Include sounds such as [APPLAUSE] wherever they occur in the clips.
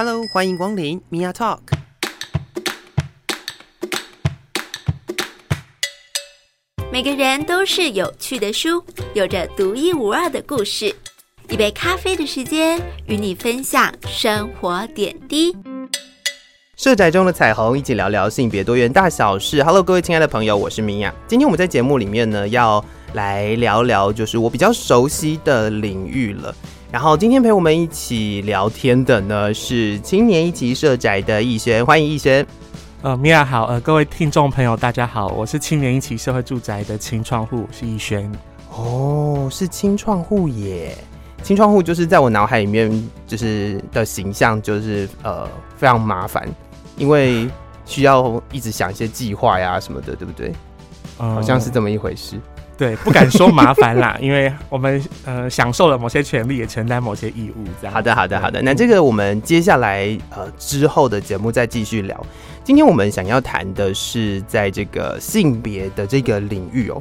Hello，歡迎光臨 Mia Talk。每個人都是有趣的書，有着獨一無二的故事。一杯咖啡的時間，與你分享生活點滴。社宅中的彩虹，一起聊聊性別多元大小事。Hello，各位親愛的朋友，我是 Mia。今天我們在節目裡面呢，要來聊聊，就是我比較熟悉的領域了。然後今天陪我們一起聊天的呢，是青年一期社宅的羿萱，歡迎羿萱。呃，米婭好，呃，各位聽眾朋友大家好，我是青年一期社會住宅的青創戶，我是羿萱。哦，是青創戶耶，青創戶就是在我腦海裡面就是的形象就是呃非常麻煩，因為需要一直想一些計劃呀什麼的，對不對？嗯、好像是這麼一回事。對，不敢說麻煩啦， [LAUGHS] 因為我們呃享受了某些權利，也承擔某些義務。這樣，好的，好的，好的。嗯、那這個我們接下來呃之後的節目再繼續聊。今天我們想要談的是在這個性別的這個領域哦、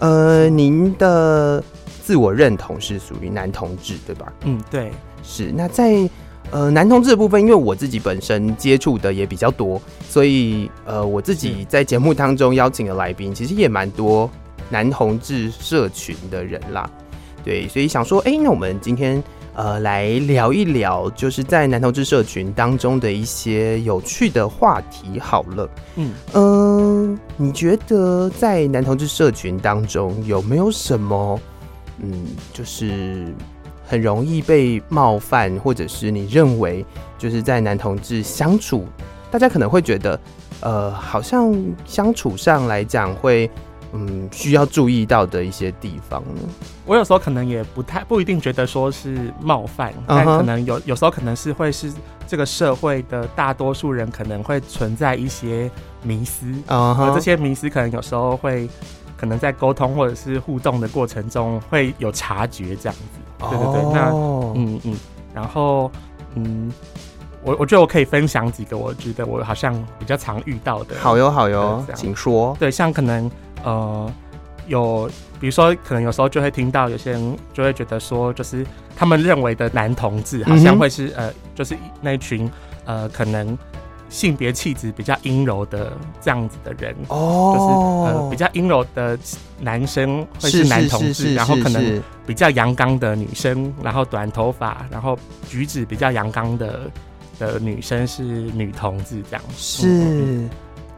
喔，呃，您的自我認同是屬於男同志對吧？嗯，對，是。那在呃男同志的部分，因為我自己本身接觸的也比較多，所以呃我自己在節目當中邀請的來賓其實也蠻多。男同志社群的人啦，對，所以想說，誒、欸，那我們今天呃來聊一聊，就是在男同志社群當中的一些有趣的話題。好了，嗯嗯、呃，你覺得在男同志社群當中有沒有什麼，嗯，就是很容易被冒犯，或者是你認為就是在男同志相處，大家可能會覺得，呃，好像相處上來講會。嗯，需要注意到的一些地方呢。我有時候可能也不太不一定覺得說是冒犯，uh -huh. 但可能有有時候可能是會是這個社會的大多數人可能會存在一些迷思啊，uh -huh. 這些迷思可能有時候會可能在溝通或者是互動的過程中會有察覺這樣子。Oh. 對對對，那嗯嗯，嗯，然後嗯。我我覺得我可以分享幾個，我覺得我好像比較常遇到的。好喲好喲，請、呃、說。對，像可能呃有，比如說可能有時候就會聽到有些人就會覺得說，就是他們認為的男同志好像會是、嗯、呃，就是那群呃可能性別氣質比較陰柔的這樣子的人哦，就是呃比較陰柔的男生會是男同志，是是是是是是是是，然後可能比較陽剛的女生，然後短頭髮，然後舉止比較陽剛的。的女生是女同志這樣是、嗯嗯，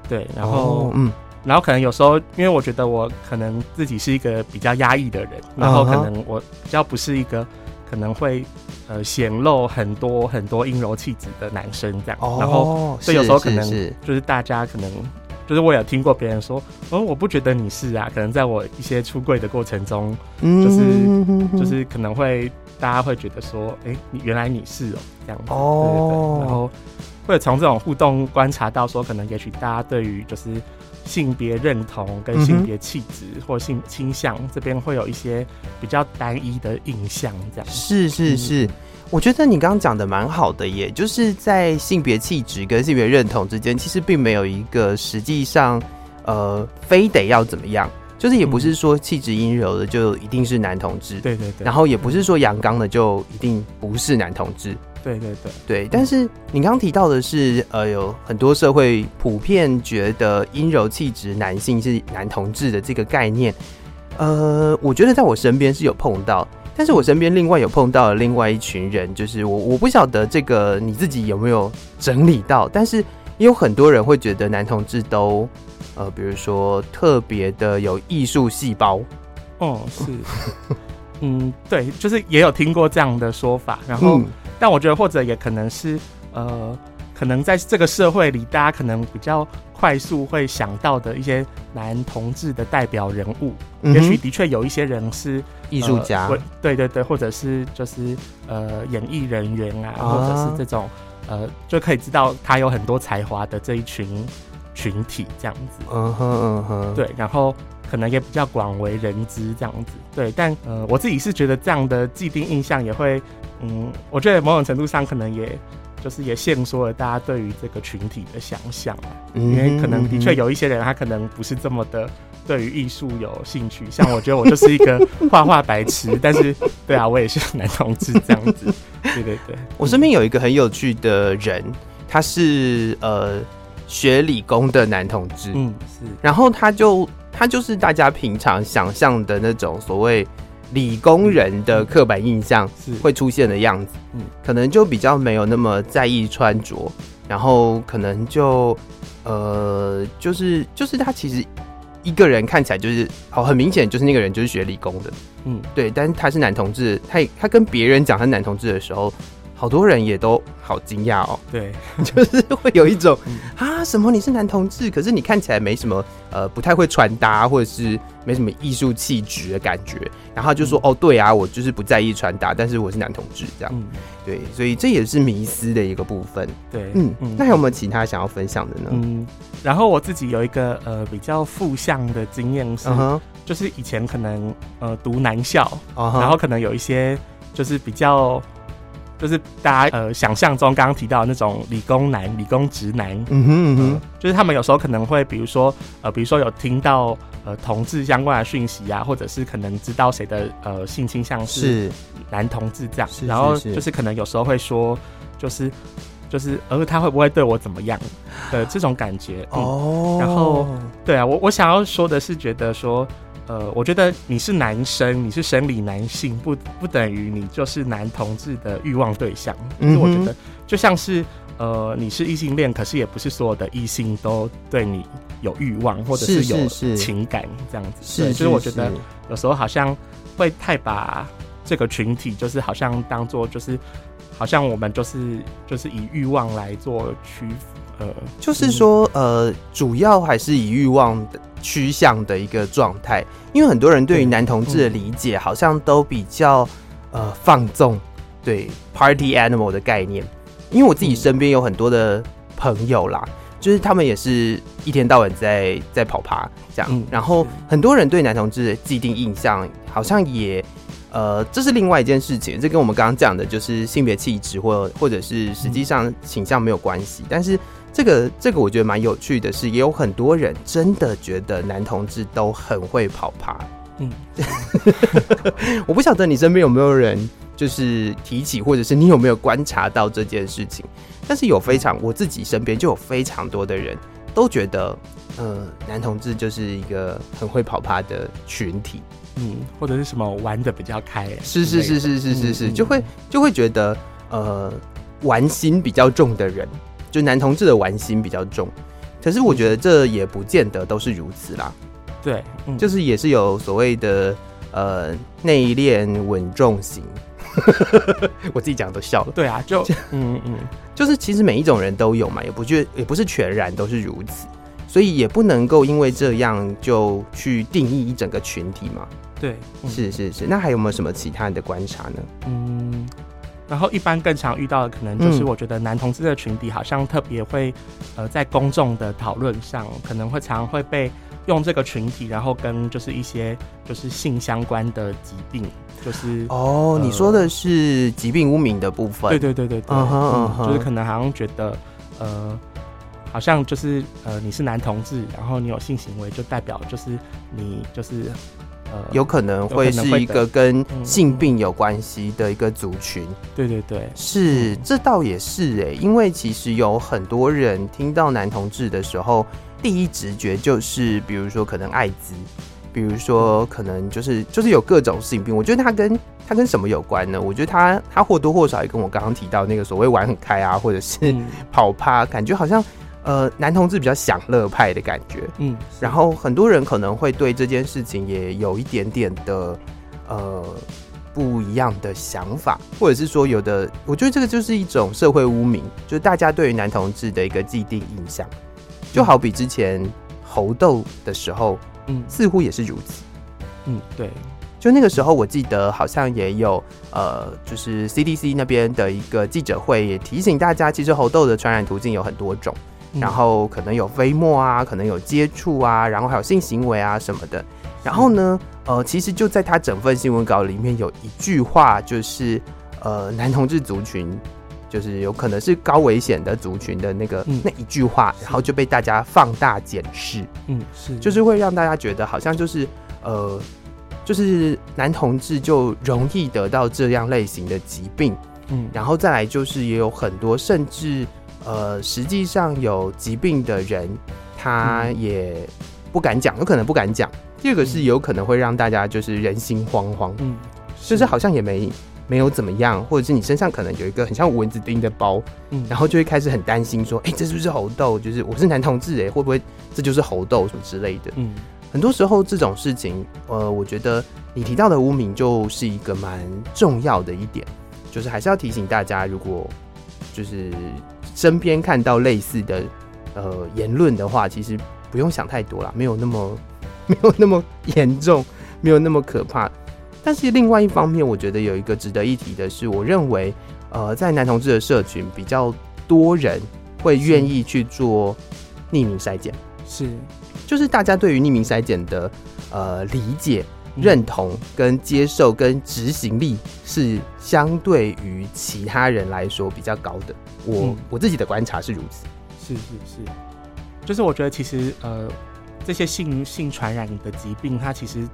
對，然後、哦、嗯，然後可能有時候，因為我覺得我可能自己是一個比較壓抑的人，然後可能我比較不是一個可能會呃顯露很多很多陰柔氣質的男生這樣，哦、然後所以有時候可能是是是就是大家可能，就是我有聽過別人說，哦，我不覺得你是啊，可能在我一些出櫃的過程中，嗯、哼哼就是就是可能會大家會覺得說，哎、欸，你原來你是哦、喔、這樣子，哦、對對對，然後會有從這種互動觀察到說，可能也許大家對於就是性別認同跟性別氣質或性傾、嗯、向這邊會有一些比較單一的印象，這樣是是是。嗯我覺得你剛剛講的蠻好的耶，也就是在性別氣質跟性別認同之間，其實並沒有一個實際上，呃，非得要怎麼樣，就是也不是說氣質陰柔的就一定是男同志，嗯，對對對，然後也不是說陽剛的就一定不是男同志，對對對，對。但是你剛剛提到的是，呃，有很多社會普遍覺得陰柔氣質男性是男同志的這個概念，呃，我覺得在我身邊是有碰到。但是我身邊另外有碰到另外一群人，就是我我不曉得這個你自己有沒有整理到，但是也有很多人會覺得男同志都，呃，比如說特別的有藝術細胞，哦，是， [LAUGHS] 嗯，對，就是也有聽過這樣的說法，然後，嗯，但我覺得或者也可能是呃。可能在這個社會裡，大家可能比較快速會想到的一些男同志的代表人物，嗯、也許的確有一些人是藝術家、呃，對對對，或者是就是呃演藝人員啊，啊，或者是這種呃就可以知道他有很多才華的這一群群體這樣子。嗯哼嗯哼。對，然後可能也比較廣為人知這樣子。對，但呃我自己是覺得這樣的既定印象也會，嗯，我覺得某種程度上可能也。就是也限縮了大家對於這個群體的想象、啊、嗯、因為可能的確有一些人他可能不是這麼的對於藝術有興趣，嗯嗯，像我覺得我就是一個畫畫白痴， [LAUGHS] 但是對啊，我也是男同志這樣子，對對對，我身邊有一個很有趣的人，他是呃學理工的男同志，嗯，是，然後他就他就是大家平常想象的那種所謂。理工人的刻板印象是會出現的樣子，嗯，可能就比較沒有那麼在意穿着，然後可能就呃，就是就是他其實一個人看起來就是好、哦，很明顯就是那個人就是學理工的，嗯，對，但是他是男同志，他他跟別人講他男同志的時候。好多人也都好驚訝哦，對， [LAUGHS] 就是會有一種啊、嗯，什麼你是男同志，可是你看起來沒什麼呃，不太會穿搭，或者是沒什麼藝術氣質的感覺，然後就說、嗯、哦，對啊，我就是不在意穿搭，但是我是男同志這樣，嗯、對，所以這也是迷思的一個部分，對，嗯，嗯嗯，那有沒有其他想要分享的呢？嗯，然後我自己有一個呃比較負向的經驗是，嗯、哼就是以前可能呃讀男校，嗯、然後可能有一些就是比較。就是大家呃想象中剛剛提到的那種理工男、理工直男，嗯哼嗯哼、呃，就是他們有時候可能會，比如說呃，比如說有聽到呃同志相關的訊息啊，或者是可能知道誰的呃性傾向是男同志這樣，然後就是可能有時候會說、就是，就是就是，呃，他會不會對我怎麼樣的，呃，這種感覺、嗯、哦，然後對啊，我我想要說的是，覺得說。呃，我覺得你是男生，你是生理男性，不不等於你就是男同志的慾望對象。嗯，因為我覺得就像是呃，你是異性戀，可是也不是所有的異性都對你有慾望，或者是有情感這樣子。是是是。對，就是我覺得有時候好像會太把這個群體，就是好像當做就是好像我們就是就是以慾望來做驅呃，就是說呃，主要還是以慾望的。趨向的一個狀態，因為很多人對於男同志的理解好像都比較呃放縱，對 party animal 的概念。因為我自己身邊有很多的朋友啦，就是他們也是一天到晚在在跑趴這樣。然後很多人對男同志的既定印象好像也呃這是另外一件事情，這跟我們剛剛講的就是性別氣質或或者是實際上傾向沒有關係，但是。這個這個我覺得蠻有趣的是，是也有很多人真的覺得男同志都很會跑趴。嗯， [LAUGHS] 我不曉得你身邊有沒有人就是提起，或者是你有沒有觀察到這件事情？但是有非常我自己身邊就有非常多的人都覺得，呃，男同志就是一個很會跑趴的群體。嗯，或者是什麼玩得比較開，是是是是是是是，是嗯嗯嗯，就會就會覺得呃玩心比較重的人。就男同志的玩心比較重，可是我覺得這也不見得都是如此啦。對，嗯、就是也是有所謂的呃內斂穩重型， [LAUGHS] 我自己講都笑了。對啊，就嗯嗯， [LAUGHS] 就是其實每一種人都有嘛，也不就也不是全然都是如此，所以也不能夠因為這樣就去定義一整個群體嘛。對、嗯，是是是，那還有沒有什麼其他的觀察呢？嗯。然後一般更常遇到的可能就是，我覺得男同志的群體好像特別會，呃，在公眾的討論上，可能會常會被用這個群體，然後跟就是一些就是性相關的疾病，就是哦，你說的是疾病污名的部分，對對對對對，對，對，對，Uh-huh, uh-huh. 嗯，就是可能好像覺得呃，好像就是呃，你是男同志，然後你有性行為，就代表就是你就是。有可能會是一個跟性病有關係的一個族群。對對對，是這倒也是哎、欸，因為其實有很多人聽到男同志的時候，第一直覺就是，比如說可能艾滋，比如說可能就是就是有各種性病。我覺得他跟他跟什麼有關呢？我覺得他他或多或少也跟我剛剛提到那個所謂玩很開啊，或者是跑趴，感覺好像。呃，男同志比較享樂派的感覺，嗯，然後很多人可能會對這件事情也有一點點的呃不一樣的想法，或者是說有的，我覺得這個就是一種社會污名，就大家對於男同志的一個既定印象，就好比之前猴痘的時候，嗯，似乎也是如此。嗯，嗯，對，就那個時候我記得好像也有呃，就是 CDC 那邊的一個記者會也提醒大家，其實猴痘的傳染途徑有很多種。嗯、然後可能有飛沫啊，可能有接觸啊，然後還有性行為啊什麼的。然後呢，呃，其實就在他整份新聞稿裡面有一句話，就是呃，男同志族群就是有可能是高危險的族群的那個、嗯、那一句話，然後就被大家放大檢視，嗯，是，就是會讓大家覺得好像就是呃，就是男同志就容易得到這樣類型的疾病，嗯，然後再來就是也有很多甚至。呃，實際上有疾病的人，他也不敢講，嗯，有可能不敢講。第二個是有可能會讓大家就是人心惶惶，嗯，就是好像也沒沒有怎麼樣，或者是你身上可能有一個很像蚊子叮的包，嗯，然後就會開始很擔心說，哎、欸，這是不是猴痘？就是我是男同志哎，會不會這就是猴痘什麼之類的？嗯，很多時候這種事情，呃，我覺得你提到的污名就是一個蠻重要的一點，就是還是要提醒大家，如果就是。身邊看到類似的呃言論的話，其實不用想太多啦，沒有那麼沒有那麼嚴重，沒有那麼可怕。但是另外一方面，我覺得有一個值得一提的是，我認為呃，在男同志的社群比較多人會願意去做匿名篩檢，是，是就是大家對於匿名篩檢的呃理解、認同跟接受跟執行力是相對於其他人來說比較高的。我、嗯、我自己的觀察是如此。是是是，就是我覺得其實呃這些性性傳染的疾病，它其實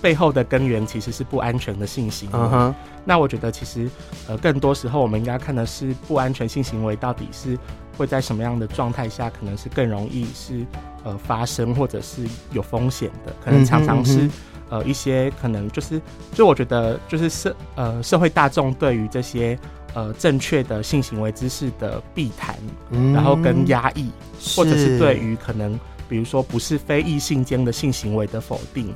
背後的根源其實是不安全的性行為。嗯哼。那我覺得其實呃更多時候我們應該看的是不安全性行為到底是會在什麼樣的狀態下可能是更容易是呃發生或者是有風險的，可能常常是。嗯哼嗯哼。呃，一些可能就是，就我覺得就是社呃社會大眾對於這些呃正確的性行為知識的避談、嗯，然後跟壓抑，或者是對於可能比如說不是非異性間的性行為的否定。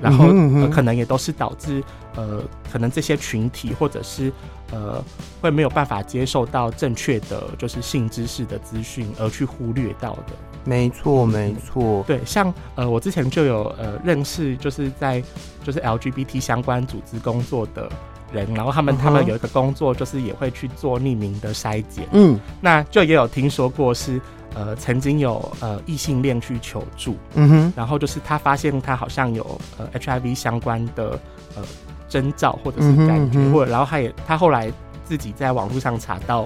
然後、呃、可能也都是導致呃，可能這些群體或者是呃，會沒有辦法接受到正確的就是性知識的資訊，而去忽略掉的。沒錯，沒錯。嗯、對，像呃，我之前就有呃認識，就是在就是 LGBT 相關組織工作的。人，然後他們他們有一個工作，就是也會去做匿名的篩檢，嗯，那就也有聽說過是，呃，曾經有呃異性戀去求助，嗯哼，然後就是他發現他好像有呃 HIV 相關的呃徵兆或者是感覺，嗯哼嗯哼，或者然後他也他後來自己在網絡上查到，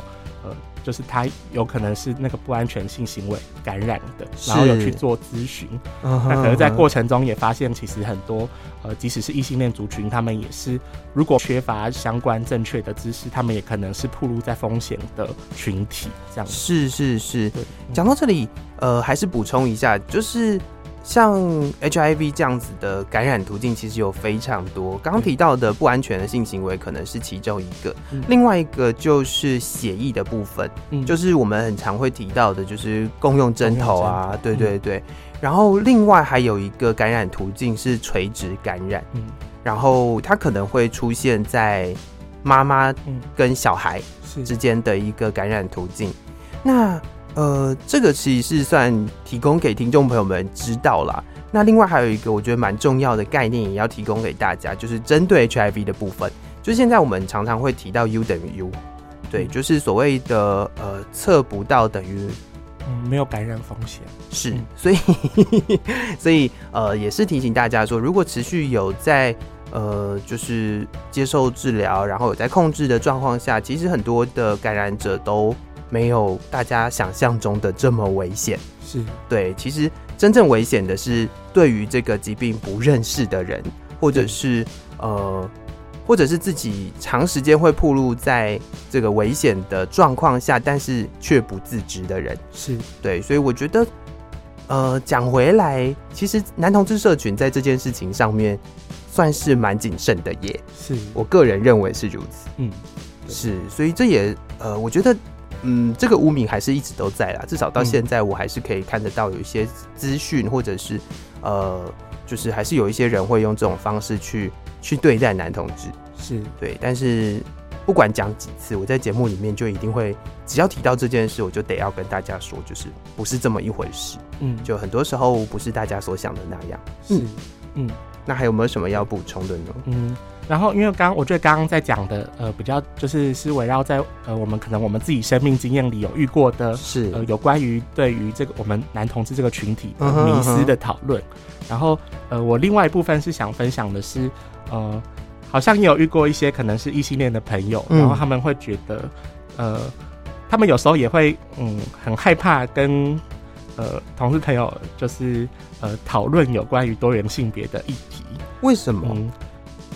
呃，就是他有可能是那個不安全性行為感染的，然後有去做諮詢，嗯嗯，那可能在過程中也發現其實很多。呃，即使是異性戀族群，他們也是如果缺乏相關正確的知識，他們也可能是暴露在風險的群體。這樣。是，是，是。講到這裡，呃，還是補充一下，就是。像 HIV 這樣子的感染途徑其實有非常多，剛剛提到的不安全的性行為可能是其中一個，另外一個就是血液的部分，就是我們很常會提到的，就是共用針頭啊，對對對。然後另外還有一個感染途徑是垂直感染，然後它可能會出現在媽媽跟小孩之間的一個感染途徑。那呃，這個其實是算提供給聽眾朋友們知道啦。那另外還有一個我覺得蠻重要的概念，也要提供給大家，就是針對 HIV 的部分。就現在我們常常會提到 U 等於 U，對、嗯，就是所謂的呃測不到等於、嗯、沒有感染風險。是，嗯、所以 [LAUGHS] 所以呃也是提醒大家說，如果持續有在呃就是接受治療，然後有在控制的狀況下，其實很多的感染者都。沒有大家想象中的這麼危險，是對。其實真正危險的是對於這個疾病不認識的人，或者是，是呃，或者是自己長時間會暴露在這個危險的狀況下，但是卻不自知的人，是對。所以我覺得，呃，講回來，其實男同志社群在這件事情上面算是蠻謹慎的耶，也是我個人認為是如此。嗯，是。所以這也呃，我覺得。嗯，這個污名還是一直都在啦。至少到現在，我還是可以看得到有一些資訊，或者是、嗯、呃，就是還是有一些人會用這種方式去去對待男同志。是對，但是不管講幾次，我在節目裡面就一定會，只要提到這件事，我就得要跟大家說，就是不是這麼一回事。嗯，就很多時候不是大家所想的那樣。是，嗯，嗯，那還有沒有什麼要補充的呢？嗯。然後，因為剛我覺得剛剛在講的，呃，比較就是是圍繞在呃，我們可能我們自己生命經驗裡有遇過的是呃，有關於對於這個我們男同志這個群體、嗯呃、迷思的討論、嗯嗯。然後，呃，我另外一部分是想分享的是，呃，好像也有遇過一些可能是異性戀的朋友，然後他們會覺得，嗯、呃，他們有時候也會嗯很害怕跟呃同事朋友就是呃討論有關於多元性別的議題，為什麼？嗯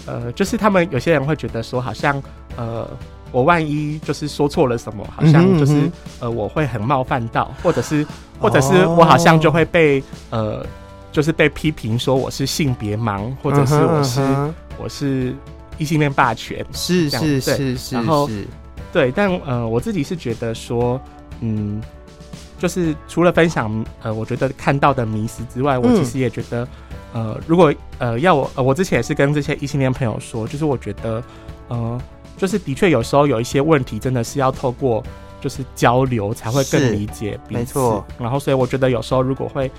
呃，就是他們有些人會覺得說，好像呃，我萬一就是說錯了什麼，好像就是嗯哼嗯哼呃，我會很冒犯到，或者是，或者是我好像就會被、哦、呃，就是被批評說我是性別盲，或者是我是嗯哼嗯哼我是異性戀霸權，是是是是這樣對，然後對，但呃，我自己是覺得說，嗯，就是除了分享呃，我覺得看到的迷思之外，我其實也覺得。嗯呃，如果呃要我呃，我之前也是跟這些異性戀朋友說，就是我覺得，呃，就是的確有時候有一些問題，真的是要透過就是交流才會更理解彼此，沒錯。然後所以我覺得有時候如果會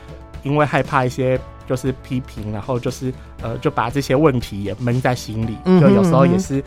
因為害怕一些就是批評，然後就是呃就把這些問題也悶在心裡嗯嗯嗯，就有時候也是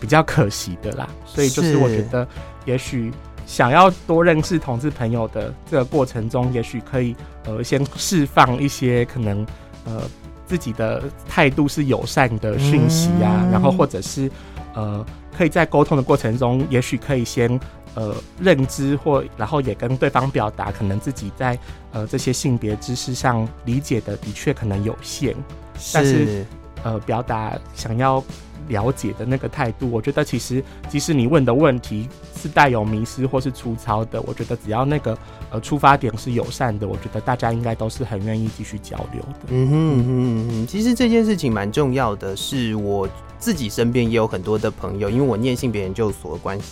比較可惜的啦。所以就是我覺得，也許想要多認識同志朋友的這個過程中，也許可以呃先釋放一些可能。呃，自己的態度是友善的訊息啊、嗯，然後或者是呃，可以在溝通的過程中，也許可以先呃，認知或然後也跟對方表達，可能自己在呃這些性別知識上理解的的確可能有限，是但是呃，表達想要了解的那個態度，我覺得其實即使你問的問題是帶有迷思或是粗糙的，我覺得只要那個呃，出發點是友善的，我覺得大家應該都是很願意繼續交流的。嗯哼哼、嗯、哼，其實這件事情蠻重要的是，是我自己身邊也有很多的朋友，因為我念性別研究所的關係，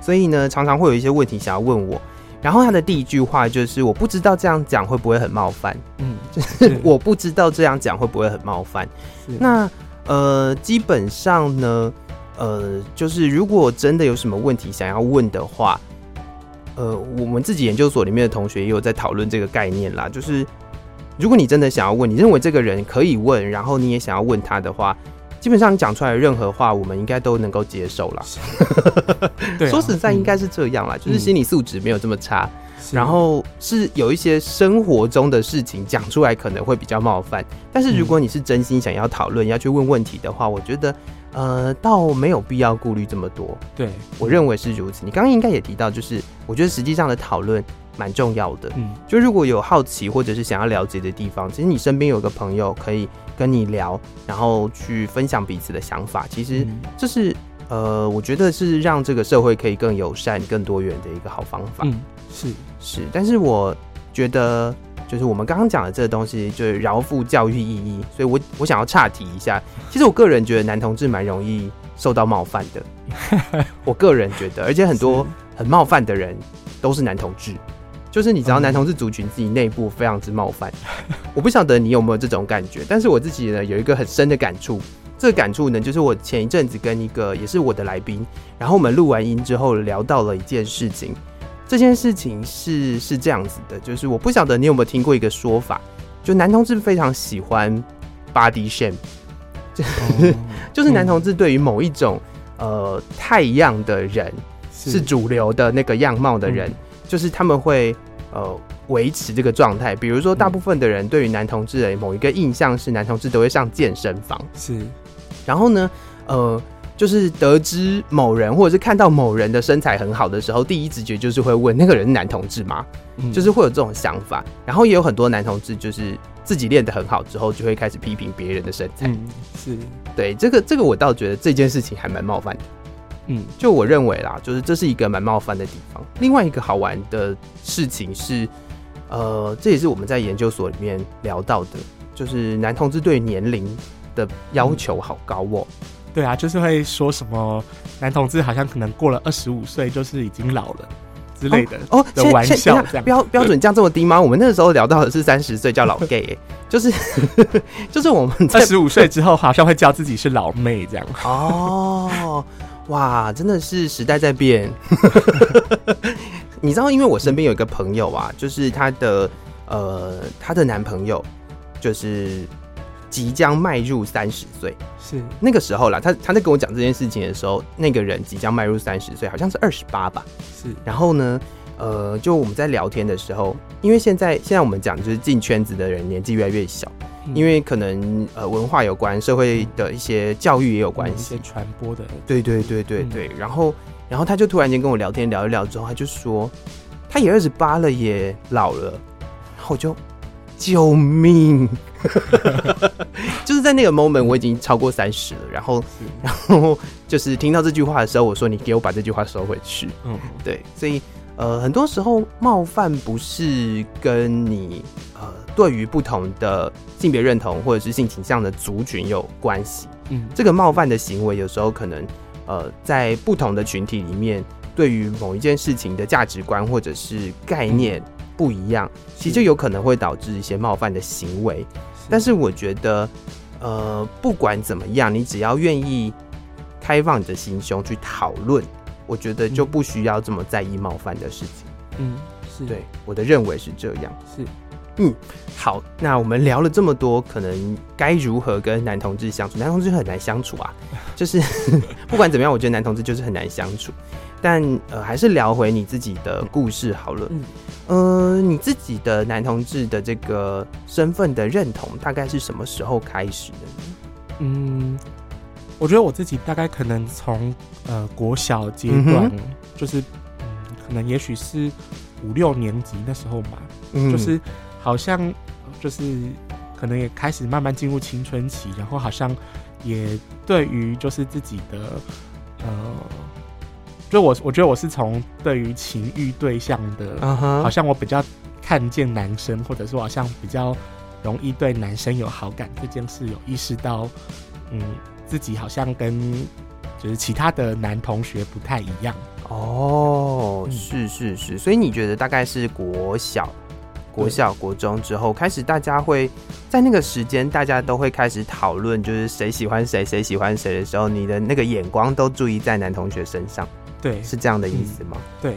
所以呢，常常會有一些問題想要問我。然後他的第一句話就是：“我不知道這樣講會不會很冒犯。”嗯，是 [LAUGHS] 我不知道這樣講會不會很冒犯。那呃，基本上呢，呃，就是如果真的有什麼問題想要問的話。呃，我們自己研究所裡面的同學也有在討論這個概念啦。就是，如果你真的想要問，你認為這個人可以問，然後你也想要問他的話，基本上講出來任何話，我們應該都能夠接受啦。 [LAUGHS] 啊、說實在，應該是這樣啦，就是心理素質沒有這麼差、嗯。然後是有一些生活中的事情講出來可能會比較冒犯，但是如果你是真心想要討論、要去問問題的話，我覺得。呃，倒沒有必要顧慮這麼多。對，我認為是如此。你剛剛應該也提到，就是我覺得實際上的討論蠻重要的。嗯，就如果有好奇或者是想要了解的地方，其實你身邊有個朋友可以跟你聊，然後去分享彼此的想法，其實這是、嗯、呃，我覺得是讓這個社會可以更友善、更多元的一個好方法。嗯，是是，但是我覺得。就是我們剛剛講的這個東西，就是饒富教育意義，所以我我想要岔題一下。其實我個人覺得男同志蠻容易受到冒犯的，我個人覺得，而且很多很冒犯的人都是男同志，就是你知道男同志族群自己內部非常之冒犯。我不曉得你有沒有這種感覺，但是我自己呢有一個很深的感觸。這個感觸呢，就是我前一陣子跟一個也是我的來賓，然後我們錄完音之後聊到了一件事情。這件事情是是這樣子的，就是我不曉得你有沒有聽過一個說法，就男同志非常喜歡 body shame，、嗯、 [LAUGHS] 就是男同志對於某一種、嗯、呃太陽的人是，是主流的那個樣貌的人，嗯、就是他們會呃維持這個狀態。比如說，大部分的人對於男同志的某一個印象是，男同志都會上健身房，是。然後呢，呃。就是得知某人或者是看到某人的身材很好的時候，第一直覺就是會問那個人是男同志嗎？嗯，就是會有這種想法。然後也有很多男同志就是自己練得很好之後，就會開始批評別人的身材。嗯，是。對，這個這個我倒覺得這件事情還蠻冒犯的。嗯，就我認為啦，就是這是一個蠻冒犯的地方。另外一個好玩的事情是，呃，這也是我們在研究所裡面聊到的，就是男同志對年齡的要求好高哦。嗯對啊，就是會說什麼男同志好像可能過了二十五歲就是已經老了之類的哦的玩笑這樣標標、哦、準這樣這麼低嗎？我們那個時候聊到的是三十歲叫老 gay，、欸、 [LAUGHS] 就是 [LAUGHS] 就是我們二十五歲之後好像會叫自己是老妹這樣哦哇，真的是時代在變， [LAUGHS] [LAUGHS] [LAUGHS] 你知道？因為我身邊有一個朋友啊，就是她的呃她的男朋友就是。即將邁入三十歲，是那個時候啦。他他在跟我講這件事情的時候，那個人即將邁入三十歲，好像是二十八吧。是。然後呢，呃，就我們在聊天的時候，因為現在現在我們講就是進圈子的人年紀越來越小，嗯、因為可能呃文化有關，社會的一些教育也有關係，嗯嗯、一些傳播的。對對對對對。嗯、然後然後他就突然間跟我聊天聊一聊之後，他就說他也二十八了也，也老了，然後我就。救命！ [LAUGHS] 就是在那個 moment，我已經超過三十了。然後，然後就是聽到這句話的時候，我說：“你給我把這句話收回去。”嗯，對。所以，呃，很多時候冒犯不是跟你呃對於不同的性別認同或者是性傾向的族群有關係。嗯，這個冒犯的行為有時候可能呃在不同的群體裡面，對於某一件事情的價值觀或者是概念。嗯不一樣，其實就有可能會導致一些冒犯的行為。是，但是我覺得，呃，不管怎麼樣，你只要願意開放你的心胸去討論，我覺得就不需要這麼在意冒犯的事情。嗯，是，對，我的認為是這樣。是，嗯，好，那我們聊了這麼多，可能該如何跟男同志相處？男同志很難相處啊，就是 [LAUGHS] [LAUGHS] 不管怎麼樣，我覺得男同志就是很難相處。但呃，還是聊回你自己的故事好了。嗯，呃，你自己的男同志的這個身份的認同，大概是什麼時候開始的呢？嗯，我覺得我自己大概可能從呃國小階段，就是，嗯嗯，可能也許是五六年級那時候吧。嗯，就是好像就是可能也開始慢慢進入青春期，然後好像也對於就是自己的呃。所以我，我覺得我是從對於情欲對象的，uh -huh. 好像我比較看見男生，或者說好像比較容易對男生有好感這件事，有意識到，嗯，自己好像跟就是其他的男同學不太一樣。哦、oh, 嗯，是是是，所以你覺得大概是國小、國小、國中之後開始，大家會在那個時間，大家都會開始討論，就是誰喜歡誰，誰喜歡誰的時候，你的那個眼光都注意在男同學身上。對，是這樣的意思嗎？嗯、對，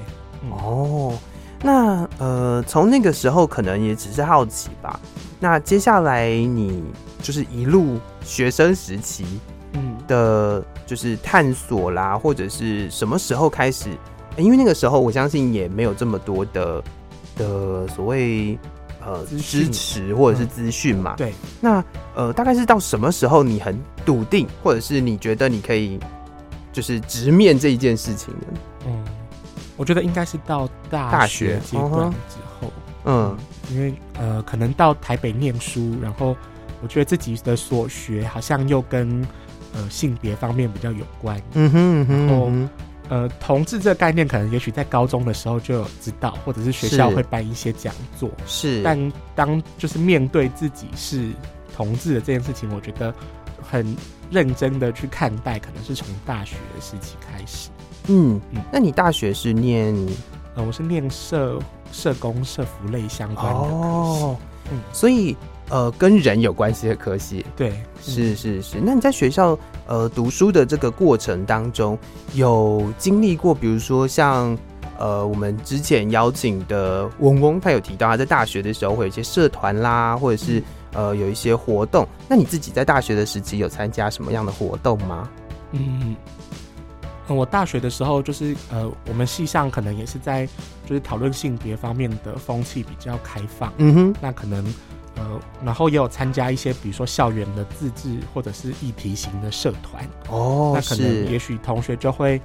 哦、嗯，那呃，從那個時候可能也只是好奇吧。那接下來你就是一路學生時期，嗯，的，就是探索啦，或者是什麼時候開始、欸？因為那個時候我相信也沒有這麼多的的所謂呃支持或者是資訊嘛、嗯。對，那呃，大概是到什麼時候你很篤定，或者是你覺得你可以？就是直面這一件事情的。嗯，我覺得應該是到大學階段之後、哦嗯，嗯，因為呃，可能到台北念書，然後我覺得自己的所學好像又跟呃性別方面比較有關。嗯嗯，然後呃，同志這個概念，可能也許在高中的時候就有知道，或者是學校會辦一些講座。是，但當就是面對自己是同志的這件事情，我覺得。很認真的去看待，可能是從大學的時期開始。嗯嗯，那你大學是念？呃、我是念社社工、社服類相關的。哦，嗯，所以呃，跟人有關係的科系。對、嗯，是是是，是。那你在學校呃讀書的這個過程當中，有經歷過，比如說像呃，我們之前邀請的翁翁，他有提到他在大學的時候會有一些社團啦，或者是。呃，有一些活動。那你自己在大學的時期有參加什麼樣的活動嗎？嗯，嗯，我大學的時候就是呃，我們系上可能也是在就是討論性別方面的風氣比較開放。嗯哼，那可能呃，然後也有參加一些，比如說校園的自治或者是議題型的社團。哦，那可能也許同學就會。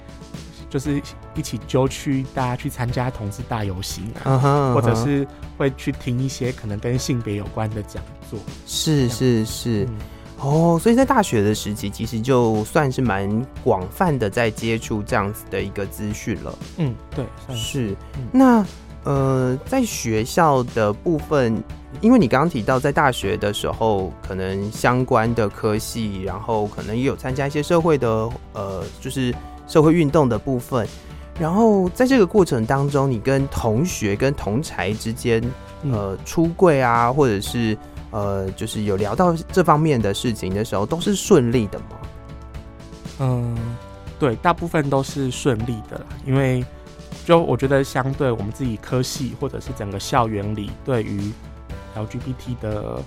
就是一起揪去大家去參加同志大遊行。uh -huh, uh -huh. 或者是會去聽一些可能跟性別有關的講座。是是是，哦，嗯 oh, 所以在大學的時期，其實就算是蠻廣泛的在接觸這樣子的一個資訊了。嗯，對，算是。嗯、那呃，在學校的部分，因為你剛剛提到在大學的時候，可能相關的科系，然後可能也有參加一些社會的，呃，就是。社會運動的部分，然後在這個過程當中，你跟同學、跟同儕之間，呃，出櫃啊，或者是呃，就是有聊到這方面的事情的時候，都是順利的嗎？嗯，對，大部分都是順利的，因為就我覺得，相對我們自己科系或者是整個校園裡，對於 LGBT 的。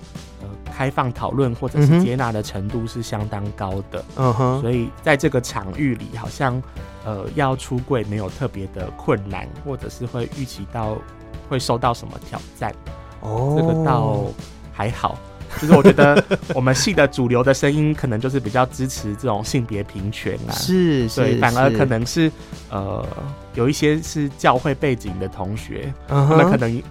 呃、開放討論或者是接納的程度是相當高的，嗯哼，所以在這個場域裡，好像呃要出櫃沒有特別的困難，或者是會預期到會受到什麼挑戰，哦，這個倒還好。就是我覺得我們系的主流的聲音可能就是比較支持這種性別平權啊，是是，所以反而可能是，是，是，是呃有一些是教會背景的同學，那、嗯、可能。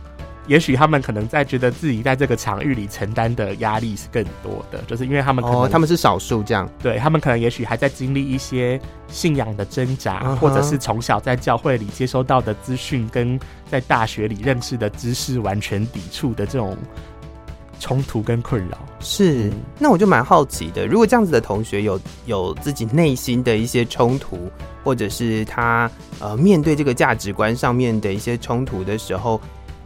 也許他們可能在覺得自己在這個場域裡承擔的壓力是更多的，就是因為他們可能，哦，他們是少數這樣，對他們可能也許還在經歷一些信仰的掙扎，嗯，或者是從小在教會裡接收到的資訊跟在大學裡認識的知識完全抵觸的這種衝突跟困擾。是，嗯，那我就蠻好奇的，如果這樣子的同學有有自己內心的一些衝突，或者是他呃面對這個價值觀上面的一些衝突的時候。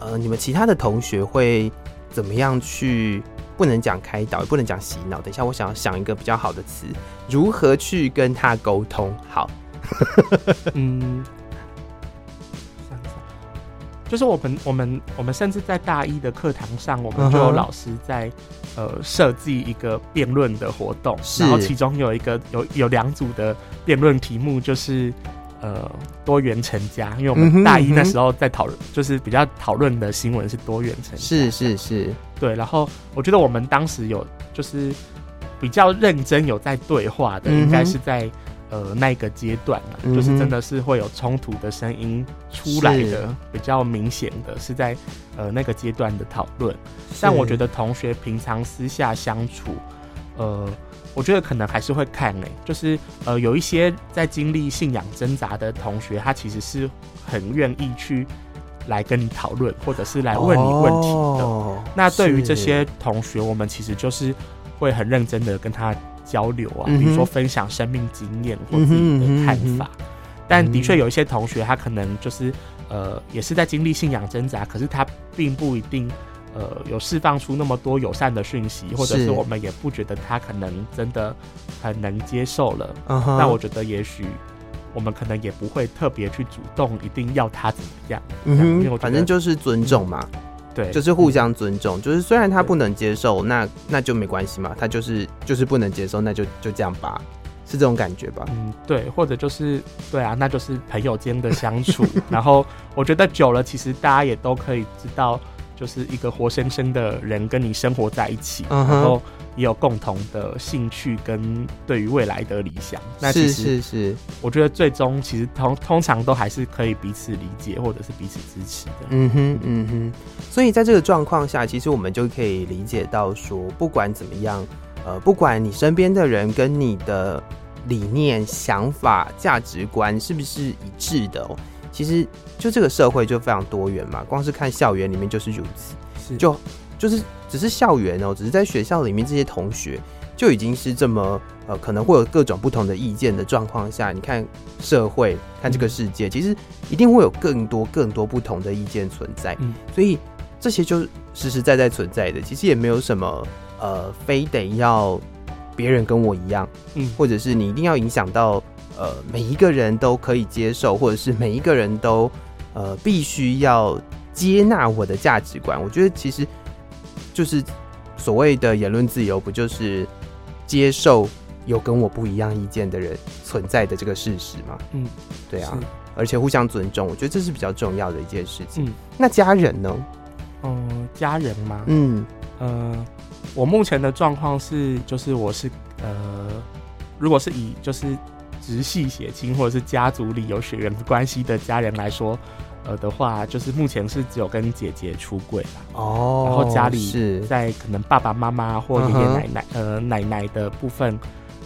呃，你們其他的同學會怎麼樣去？不能講開導，也不能講洗腦。等一下，我想要想一個比較好的詞，如何去跟他溝通？好， [LAUGHS] 嗯，就是我們我們我們甚至在大一的課堂上，我們就有老師在、嗯、呃設計一個辯論的活動是，然後其中有一個有有兩組的辯論題目就是。呃，多元成家，因為我們大一那時候在討論、嗯嗯，就是比較討論的新聞是多元成家，是是是，是，對。然後我覺得我們當時有就是比較認真有在對話的，應該是在、嗯、呃那個階段嘛、嗯，就是真的是會有衝突的聲音出來的，比較明顯的是在呃那個階段的討論。但我覺得同學平常私下相處，呃。我覺得可能還是會看誒、欸，就是呃，有一些在經歷信仰掙扎的同學，他其實是很願意去來跟你討論，或者是來問你問題的。哦、那對於這些同學，我們其實就是會很認真的跟他交流啊，嗯、比如說分享生命經驗或自己的看法。嗯哼嗯哼，但的確有一些同學，他可能就是呃，也是在經歷信仰掙扎，可是他並不一定。呃，有釋放出那麼多友善的訊息，或者是我們也不覺得他可能真的很能接受了、Uh-huh. 啊。那我覺得，也許我們可能也不會特別去主動一定要他怎麼樣。嗯樣，反正就是尊重嘛，嗯、對，就是互相尊重、嗯。就是雖然他不能接受，那那就沒關係嘛。他就是就是不能接受，那就就這樣吧，是這種感覺吧？嗯，對，或者就是對啊，那就是朋友間的相處。 [LAUGHS] 然後我覺得久了，其實大家也都可以知道。就是一個活生生的人跟你生活在一起，嗯、然後也有共同的興趣跟對於未來的理想。那是是是，我覺得最終其實通通常都還是可以彼此理解或者是彼此支持的。嗯哼，嗯哼。所以在這個狀況下，其實我們就可以理解到說，不管怎麼樣，呃，不管你身邊的人跟你的理念、想法、價值觀是不是一致的哦。其實就這個社會就非常多元嘛，光是看校園裡面就是如此，就就是只是校園哦、喔，只是在學校裡面這些同學就已經是這麼呃，可能會有各種不同的意見的狀況下，你看社會看這個世界、嗯，其實一定會有更多更多不同的意見存在，嗯、所以這些就實實在在在存在的，其實也沒有什麼呃，非得要別人跟我一樣，嗯，或者是你一定要影響到。呃，每一個人都可以接受，或者是每一個人都呃必須要接納我的價值觀。我覺得其實就是所謂的言論自由，不就是接受有跟我不一樣意見的人存在的這個事實嗎？嗯，對啊，而且互相尊重，我覺得這是比較重要的一件事情。嗯，那家人呢？嗯，家人嗎？嗯，呃，我目前的狀況是，就是我是呃，如果是以就是。直系血親或者是家族裡有血緣關係的家人來說，呃的話，就是目前是只有跟姐姐出櫃哦。Oh, 然後家裡是，在可能爸爸媽媽或爺爺奶奶，奶、uh -huh. 呃奶奶的部分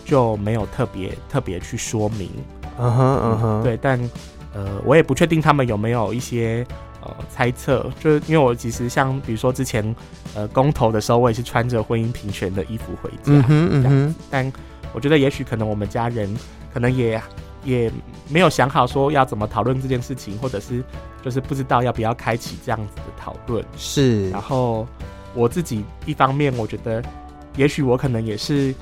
就沒有特別特別去說明。Uh -huh, uh -huh. 嗯哼嗯哼。對，但呃我也不確定他們有沒有一些呃猜測，就是因為我其實像比如說之前呃公投的時候，我也是穿着婚姻平權的衣服回家。嗯、uh、嗯 -huh, uh -huh. 但我覺得也許可能我們家人。可能也也沒有想好說要怎麼討論這件事情，或者是就是不知道要不要開啟這樣子的討論。是。然後我自己一方面我覺得，也許我可能也是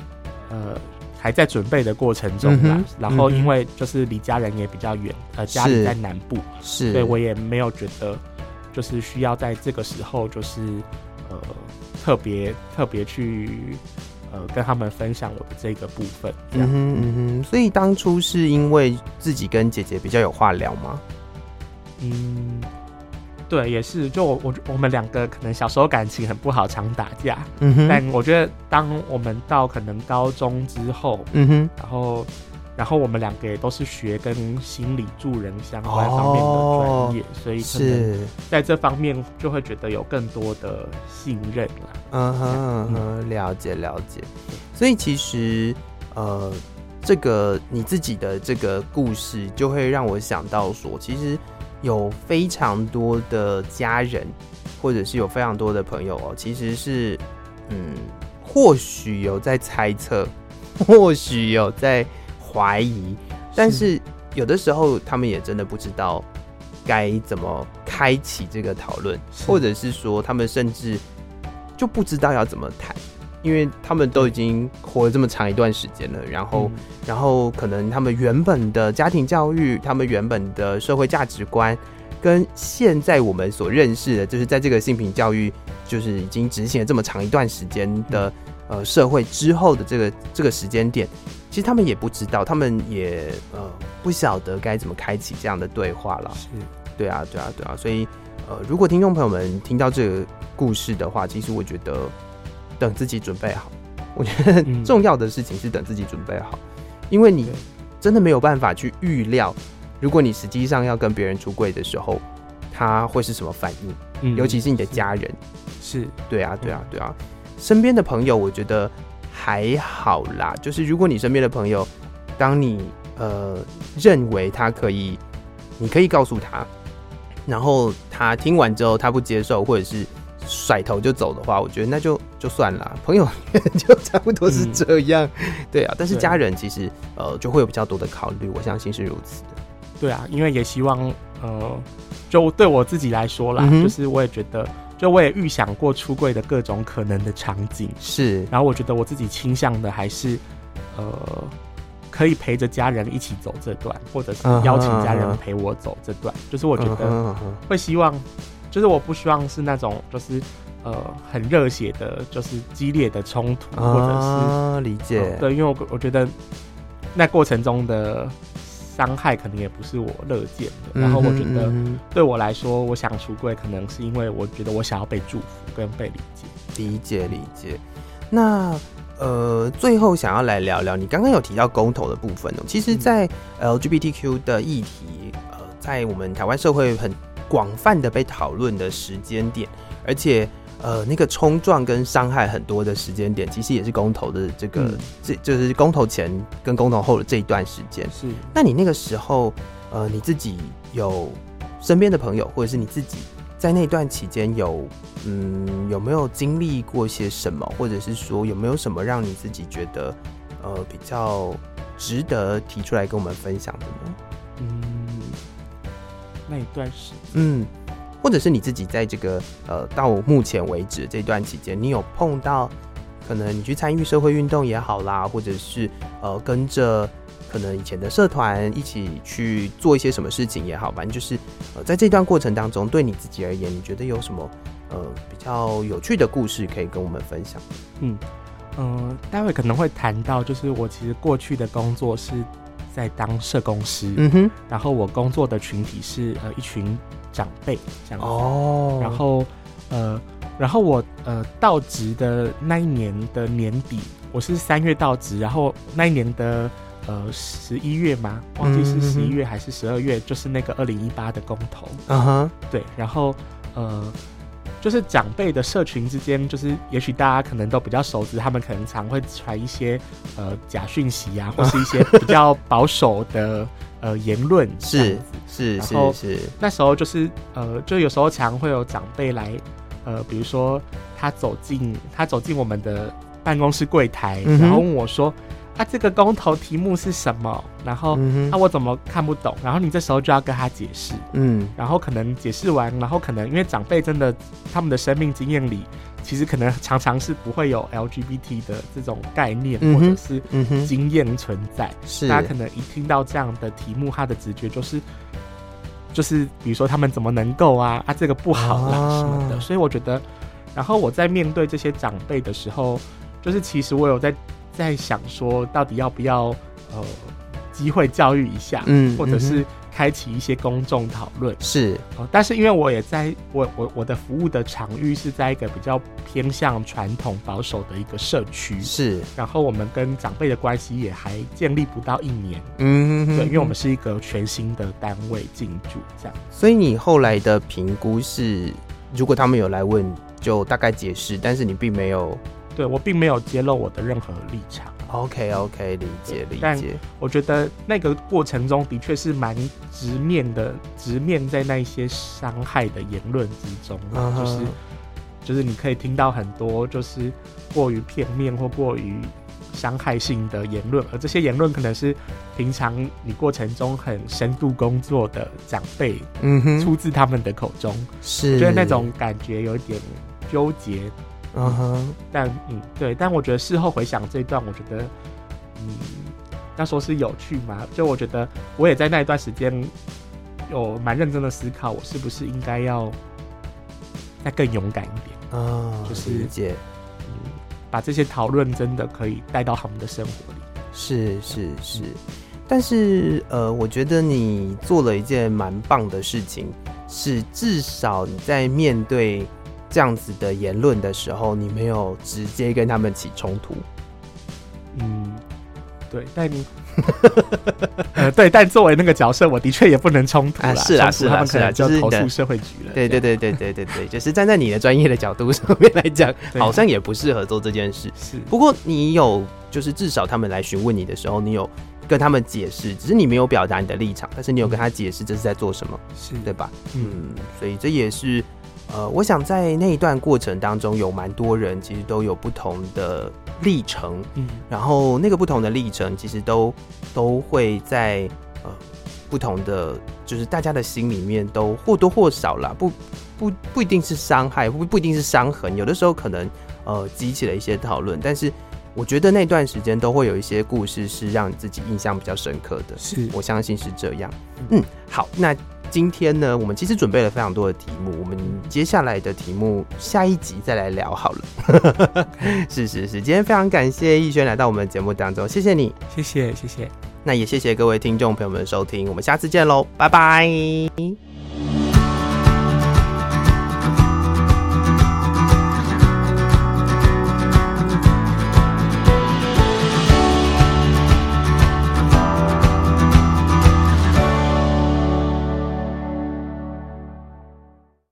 呃還在準備的過程中吧、嗯。然後因為就是離家人也比較遠、嗯，呃家裡在南部，是，所以我也沒有覺得就是需要在這個時候就是呃特別特別去。跟他們分享我的這個部分這樣嗯。嗯哼，所以當初是因為自己跟姐姐比較有話聊嗎？嗯，對，也是。就我我，我們兩個可能小時候感情很不好，常打架，嗯。但我覺得當我們到可能高中之後，嗯然後。然後我們兩個也都是學跟心理助人相關方面的專業，oh, 所以是在這方面就會覺得有更多的信任了。Uh-huh, uh-huh, 嗯哼，了解了解。所以其實呃，這個你自己的這個故事，就會讓我想到說，其實有非常多的家人，或者是有非常多的朋友哦、喔，其實是嗯，或許有在猜測，或許有在。懷疑，但是有的時候他們也真的不知道該怎麼開啟這個討論，或者是說他們甚至就不知道要怎麼談，因為他們都已經活了這麼長一段時間了，然後、嗯，然後可能他們原本的家庭教育，他們原本的社會價值觀，跟現在我們所認識的，就是在這個性平教育就是已經執行了這麼長一段時間的呃社會之後的這個這個時間點。其實他們也不知道，他們也、呃、不曉得該怎麼開啟這樣的對話了。是，對啊，對啊，對啊。所以呃，如果聽眾朋友們聽到這個故事的話，其實我覺得等自己準備好。我覺得重要的事情是等自己準備好，嗯、因為你真的沒有辦法去預料，如果你實際上要跟別人出櫃的時候，他會是什麼反應、嗯？尤其是你的家人，是對啊，對啊，對啊。身邊的朋友，我覺得。還好啦，就是如果你身邊的朋友，當你呃認為他可以，你可以告訴他，然後他聽完之後他不接受或者是甩頭就走的話，我覺得那就就算啦。朋友就差不多是這樣，嗯、對啊。但是家人其實呃就會有比較多的考慮，我相信是如此的。對啊，因為也希望呃，就對我自己來說啦，嗯、就是我也覺得。就我也預想過出櫃的各種可能的場景，是。然後我覺得我自己傾向的還是，呃，可以陪着家人一起走這段，或者是邀請家人陪我走這段。Uh -huh. 就是我覺得會希望，就是我不希望是那種，就是呃很熱血的，就是激烈的衝突，或者是理解。Uh -huh. 呃。對，因為我我覺得那過程中的。傷害可能也不是我樂見的，然後我覺得對我來說，我想出櫃可能是因為我覺得我想要被祝福跟被理解，理解理解。那呃，最後想要來聊聊，你剛剛有提到公投的部分喔。其實，在 LGBTQ 的議題，呃，在我們台灣社會很廣泛的被討論的時間點，而且。呃，那個衝撞跟傷害很多的時間點，其實也是公投的這個，嗯，這就是公投前跟公投後的這一段時間。是，那你那個時候，呃，你自己有身邊的朋友，或者是你自己在那段期間有，嗯，有沒有經歷過些什麼，或者是說有沒有什麼讓你自己覺得，呃，比較值得提出來跟我們分享的呢？嗯，那一段時間，嗯。或者是你自己在這個，呃，到目前為止這段期間，你有碰到可能你去參與社會運動也好啦，或者是呃跟着可能以前的社團一起去做一些什麼事情也好，反正就是，呃，在這段過程當中，對你自己而言，你覺得有什麼呃，比較有趣的故事可以跟我們分享？嗯嗯，呃，待會可能會談到，就是我其實過去的工作是在當社工師，嗯哼，然後我工作的群體是呃，一群。長輩這樣哦、oh,，然後呃，然後我呃到職的那一年的年底，我是三月到職，然後那一年的呃十一月嘛，忘記是十一月還是十二月，mm -hmm. 就是那個二零一八的公投，嗯哼，對，然後呃，就是長輩的社群之間，就是也許大家可能都比較熟知，他們可能常會傳一些呃假訊息呀、啊，或是一些比較保守的。 [LAUGHS] 呃，言論是是是，然後是是是，那時候就是呃，就有時候常會有長輩來，呃，比如說他走進他走進我們的辦公室櫃檯，嗯、然後問我說。那、啊、這個公投題目是什麼？然後，那、嗯啊、我怎麼看不懂？然後你這時候就要跟他解釋。嗯，然後可能解釋完，然後可能因為長輩真的他們的生命經驗裡，其實可能常常是不會有 LGBT 的這種概念、嗯、或者是經驗存在。是、嗯，大可能一聽到這樣的題目，他的直覺就是，就是比如說他們怎麼能夠啊啊這個不好了什麼的、啊。所以我覺得，然後我在面對這些長輩的時候，就是其實我有在。在想說，到底要不要呃，機會教育一下，嗯，或者是開啟一些公眾討論，是、呃。但是因為我也在我我我的服務的場域是在一個比較偏向傳統保守的一個社區，是。然後我們跟長輩的關係也還建立不到一年，嗯哼哼哼，對，因為我們是一個全新的單位進駐這樣。所以你後來的評估是，如果他們有來問，就大概解釋，但是你並沒有。對，我並沒有揭露我的任何立場。OK，OK，理解理解。但我覺得那個過程中的確是蠻直面的，直面在那一些傷害的言論之中，啊，嗯哼，就是就是你可以聽到很多就是過於片面或過於傷害性的言論，而這些言論可能是平常你過程中很深度工作的長輩，嗯哼，出自他們的口中，是，那種感覺有一點糾結。嗯哼，Uh-huh. 但嗯，對，但我覺得事後回想這一段，我覺得，嗯，要說是有趣嘛？就我覺得，我也在那一段時間有蠻認真的思考，我是不是應該要再更勇敢一點啊？Uh -huh. 就是理解、嗯、把這些討論真的可以帶到他們的生活裡。是是是、嗯，但是呃，我覺得你做了一件蠻棒的事情，是至少你在面對。這樣子的言論的時候，你沒有直接跟他們起衝突。嗯，對，但你、 [LAUGHS] 呃，對，但作為那個角色，我的確也不能衝突，是啊，是啊，他們可能就要投訴社會局了。就是、對，對，對，對，對，對，對，對，對，對，對，對，對，就是站在你的專業的角度上面來講，好像也不適合做這件事。是，不過你有，就是至少他們來詢問你的時候，你有跟他們解釋，只是你沒有表達你的立場，但是你有跟他解釋這是在做什麼，是、嗯、對吧？嗯，所以這也是。呃，我想在那一段過程當中，有蠻多人其實都有不同的歷程，嗯，然後那個不同的歷程，其實都都會在呃不同的，就是大家的心裡面都或多或少啦，不不不一定是傷害，不不一定是傷痕，有的時候可能呃激起了一些討論，但是。我覺得那段時間都會有一些故事是讓你自己印象比較深刻的，是我相信是這樣。嗯，好，那今天呢，我們其實準備了非常多的題目，我們接下來的題目下一集再來聊好了。 [LAUGHS] 是是是，今天非常感謝羿萱來到我們的節目當中，謝謝你，謝謝謝謝，那也謝謝各位聽眾朋友們的收聽，我們下次見嘍，拜拜。